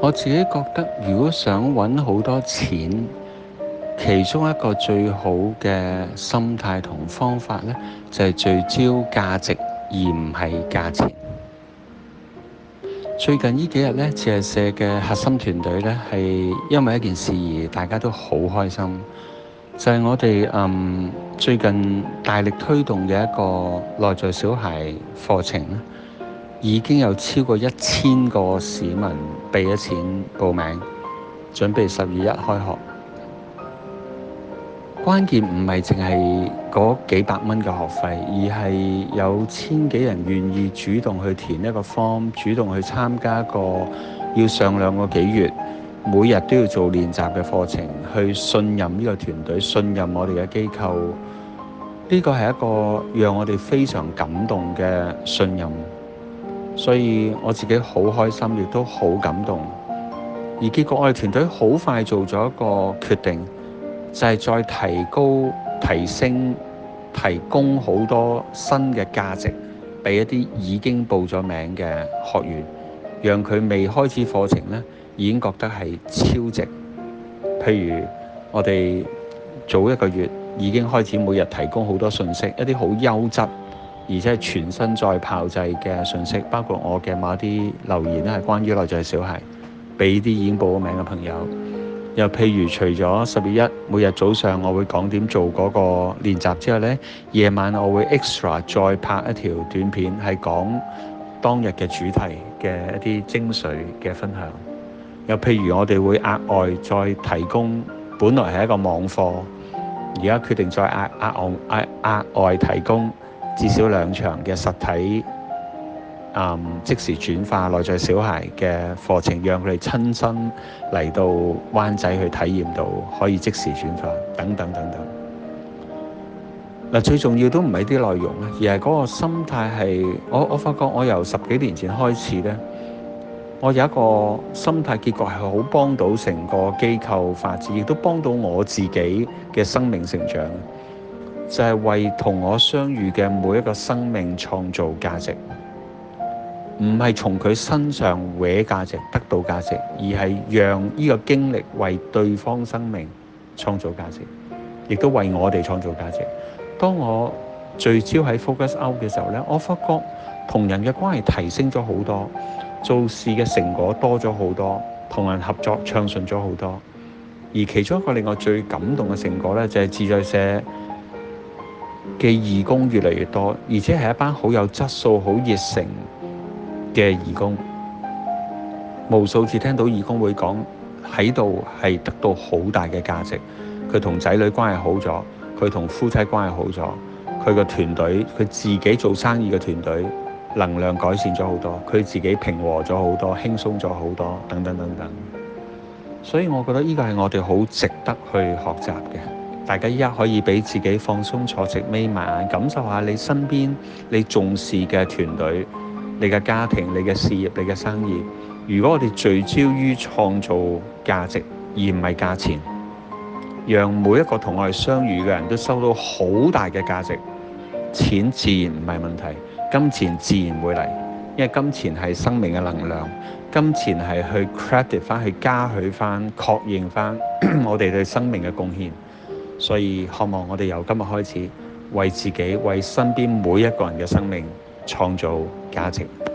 我自己覺得，如果想揾好多錢，其中一個最好嘅心態同方法呢，就係聚焦價值而唔係價錢。最近呢幾日呢，自在社嘅核心團隊呢，係因為一件事而大家都好開心。就係我哋嗯最近大力推動嘅一個內在小孩課程已經有超過一千個市民俾咗錢報名，準備十二一開學。關鍵唔係淨係嗰幾百蚊嘅學費，而係有千幾人願意主動去填一個 form，主動去參加一個要上兩個幾月，每日都要做練習嘅課程，去信任呢個團隊，信任我哋嘅機構。呢、這個係一個讓我哋非常感動嘅信任。所以我自己好開心，亦都好感動。而結果我哋團隊好快做咗一個決定，就係再提高、提升、提供好多新嘅價值，俾一啲已經報咗名嘅學員，讓佢未開始課程呢，已經覺得係超值。譬如我哋早一個月已經開始每日提供好多信息，一啲好優質。而且係全身在炮製嘅信息，包括我嘅某啲留言咧，係關於內在小孩，俾啲已經報咗名嘅朋友，又譬如除咗十月一每日早上，我會講點做嗰個練習之後咧，夜晚我會 extra 再拍一條短片，係講當日嘅主題嘅一啲精髓嘅分享。又譬如我哋會額外再提供，本來係一個網課，而家決定再額額昂額額外提供。至少兩場嘅實體、嗯，即時轉化內在小孩嘅課程，讓佢哋親身嚟到灣仔去體驗到可以即時轉化等等等等。最重要都唔係啲內容，而係嗰個心態，係我我發覺我由十幾年前開始呢，我有一個心態，結局係好幫到成個機構發展，亦都幫到我自己嘅生命成長。就係為同我相遇嘅每一個生命創造價值，唔係從佢身上搲價值得到價值，而係讓呢個經歷為對方生命創造價值，亦都為我哋創造價值。當我聚焦喺 focus out 嘅時候咧，我發覺同人嘅關係提升咗好多，做事嘅成果多咗好多，同人合作暢順咗好多。而其中一個令我最感動嘅成果咧，就係自在社。嘅義工越嚟越多，而且係一班好有質素、好熱誠嘅義工。無數次聽到義工會講喺度係得到好大嘅價值，佢同仔女關係好咗，佢同夫妻關係好咗，佢個團隊、佢自己做生意嘅團隊能量改善咗好多，佢自己平和咗好多、輕鬆咗好多等等等等。所以，我覺得呢個係我哋好值得去學習嘅。大家一可以俾自己放鬆坐直，眯埋眼感受下你身邊你重視嘅團隊、你嘅家庭、你嘅事業、你嘅生意。如果我哋聚焦於創造價值，而唔係價錢，讓每一個同我哋相遇嘅人都收到好大嘅價值，錢自然唔係問題，金錢自然會嚟，因為金錢係生命嘅能量，金錢係去 credit 翻，去嘉許翻，確認翻我哋對生命嘅貢獻。所以，渴望我哋由今日開始，為自己、為身邊每一個人嘅生命創造價值。